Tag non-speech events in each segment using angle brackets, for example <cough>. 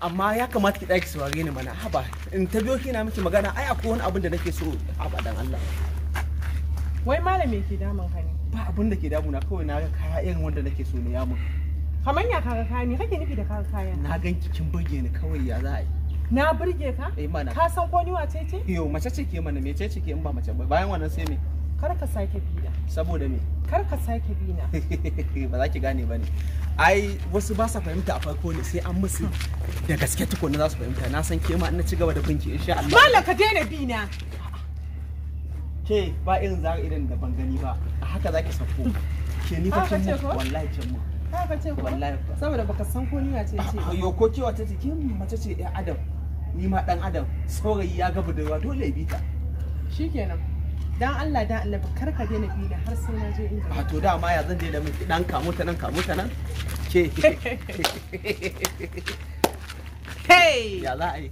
amma ya kamata ki ɗaki saurare ni mana haba in ta biyo kina miki magana ai akwai wani abin da nake so a badan Allah wai malame ke damun ka ne ba abin da ke damuna kawai na ga kaya irin wanda nake so ne ya mun kamar ya kaga kaya ne kake nufi da kaga kaya na ganki kin burge ni kawai ya za a yi na burge ka eh mana ka san ko ni wace ce yo mace ce ke mana mece ce ke in ba mace ba bayan wannan sai me kar ka sake bina saboda me kar ka sake bina <laughs> ba za ki gane ba ne ai wasu ba sa fahimta a farko ne sai an musu da gaske tukunna za su fahimta na san ke ma na ci gaba da binki insha Allah mallan ka daina bina ke ba irin zaka irin da ban gani ba a haka zaki sako ke ni fa kin mu wallahi kin mu Ka ce ko wallahi saboda baka san ko ni ce ce yo ko kewa ta cikin mace ce ya adam ni ma dan adam saurayi ya ga budurwa dole ya bi ta shikenan dan Allah dan Allah kar ka daina bi da har sai na je inda a to dama ya zan daina miki dan kamo ta nan kamo ta nan ke <laughs> hey ya za a yi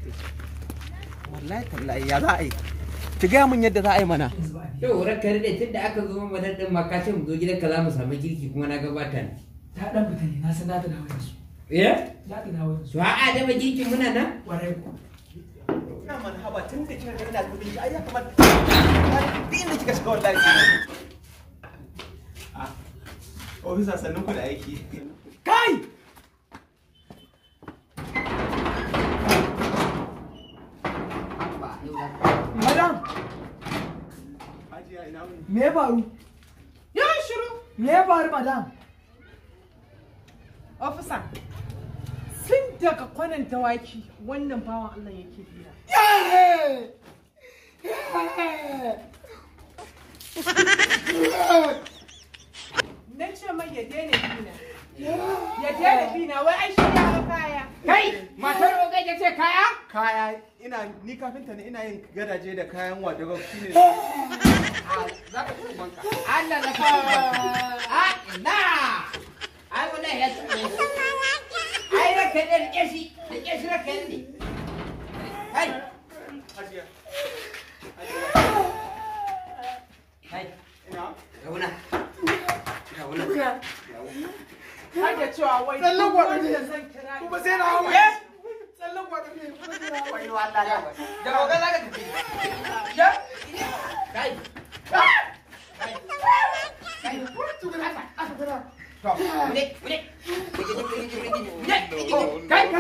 wallahi tallahi ya za a yi ki gaya min yadda za a yi mana yau kare da tun aka zo mana din makashi mu zo gidanka za mu samu girki kuma na gabata ne ta dan fita ne na san za ta dawo da su eh za ta dawo da su a a da girki muna nan warai man haba tun da kika ga ina ki duk inda kika shiga wallahi ah, ofisa ku da aiki kai madam me ya faru ya shiru me ya faru madam ofisa daga kwanan tawaki wannan bawan Allah yake biya. Na ce mai ya daina bina. Ya daina bina wai ai shi ya kaya. Kai matar ogai ya ce kaya? Kaya ina ni kafinta ne ina yin gadaje da kayan wadagar shine. Za ka ci banka. Allah na kawo. Ah rike shi rike shi raka cewa wai tsallan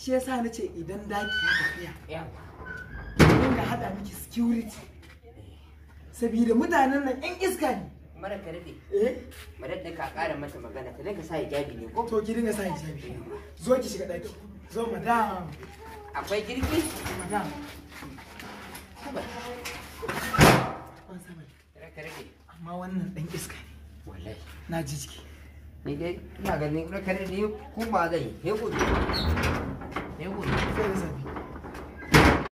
shi yasa na ce idan daki ya tafiya dinga hada miki security saboda mutanen nan yan iska ne mara ka rufe eh? da ka kara mata magana ta dinga sa hijabi ne ko to ki dinga sa hijabi zo ki shiga daki zo madam akwai girki madam amma wannan dan iska ne wallahi na ji jiki ni dai ina ganin rakare ne zai he 我。